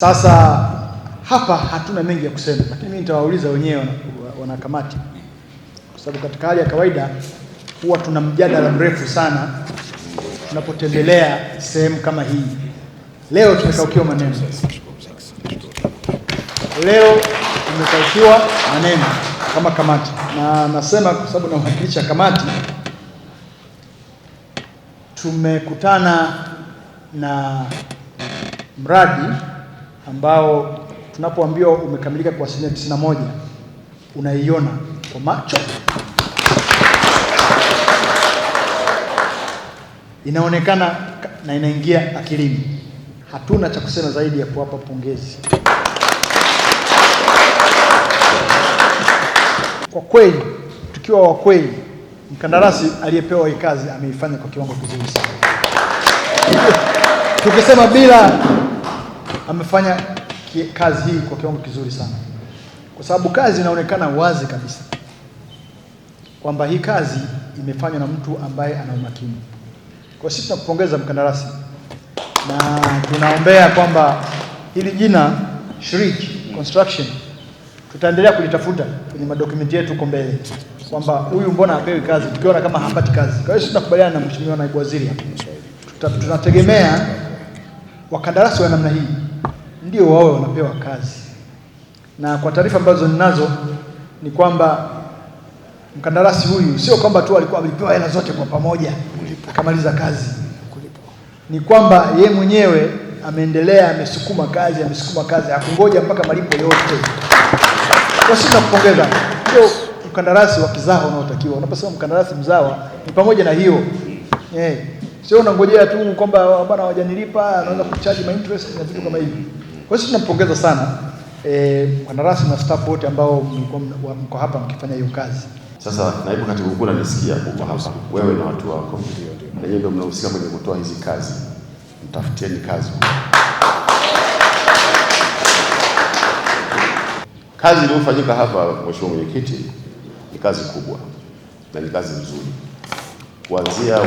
Sasa hapa hatuna mengi ya kusema, lakini mimi nitawauliza wenyewe wanakamati, kwa sababu katika hali ya kawaida huwa tuna mjadala mrefu sana tunapotembelea sehemu kama hii. Leo tumekaukiwa maneno, leo tumekaukiwa maneno kama kamati, na nasema kwa sababu nawakilisha kamati. Tumekutana na mradi ambao tunapoambiwa umekamilika kwa asilimia tisini na moja unaiona kwa macho, inaonekana na inaingia akilini. Hatuna cha kusema zaidi ya kuwapa pongezi. Kwa kweli, tukiwa wa kweli, mkandarasi aliyepewa hii kazi ameifanya kwa kiwango kizuri sana. Tukisema bila amefanya kazi hii kwa kiwango kizuri sana, kwa sababu kazi inaonekana wazi kabisa kwamba hii kazi imefanywa na mtu ambaye ana umakini. Kwa sisi tunakupongeza mkandarasi, na tunaombea kwamba hili jina Shiriki Construction tutaendelea kulitafuta kwenye madokumenti yetu huko mbele, kwamba huyu mbona hapewi kazi, tukiona kama hapati kazi. Kwa hiyo sisi tunakubaliana na mheshimiwa naibu waziri, tunategemea wakandarasi wa namna hii ndio wawe wanapewa kazi. Na kwa taarifa ambazo ninazo ni kwamba mkandarasi huyu sio kwamba tu alikuwa alipewa hela zote kwa pamoja akamaliza kazi, ni kwamba ye mwenyewe ameendelea, amesukuma kazi, amesukuma kazi, hakungoja mpaka malipo yote. Kwa sisi tunakupongeza, ndio mkandarasi wa kizawa unaotakiwa. Unaposema mkandarasi mzawa ni pamoja na hiyo eh, sio unangojea tu kwamba bwana hawajanilipa, anaanza kuchaji my interest na vitu kama hivi. Kwa hiyo tunampongeza sana e, wanarasi na staff wote ambao mko hapa mkifanya hiyo kazi. Sasa naibu katibu mkuu, nanisikia uko hapa wewe na watu wako, nanyewe ndio mnahusika kwenye kutoa hizi kazi, mtafutieni kazi. Kazi iliyofanyika hapa, mheshimiwa mwenyekiti, ni kazi kubwa na ni kazi nzuri, kuanzia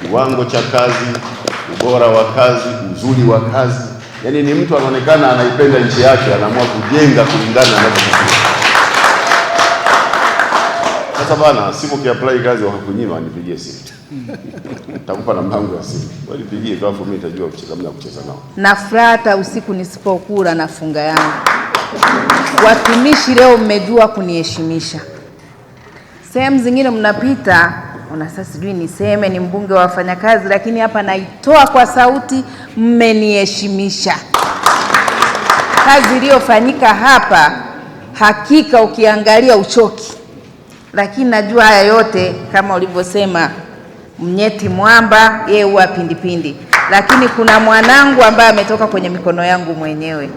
kiwango cha kazi, ubora wa kazi, uzuri wa kazi Yaani ni mtu anaonekana anaipenda nchi yake, anaamua kujenga kulingana na sasa bana, simu ukiapply kazi wakakunyima, nipigie simu nitakupa namba yangu ya simu, nipigie alafu mimi nitajua kucheza mna kucheza nao. Nafuraha usiku nisipokula na funga yangu. Watumishi leo mmejua kuniheshimisha, sehemu zingine mnapita una sasa, sijui niseme ni mbunge wa wafanyakazi, lakini hapa naitoa kwa sauti, mmeniheshimisha. Kazi iliyofanyika hapa hakika, ukiangalia uchoki, lakini najua haya yote kama ulivyosema Mnyeti Mwamba, yeye huwa pindipindi, lakini kuna mwanangu ambaye ametoka kwenye mikono yangu mwenyewe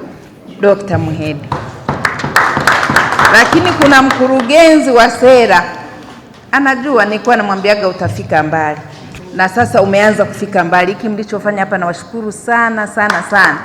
Dr. Muhedi, lakini kuna mkurugenzi wa sera anajua nilikuwa namwambiaga utafika mbali, na sasa umeanza kufika mbali. Hiki mlichofanya hapa nawashukuru sana sana sana.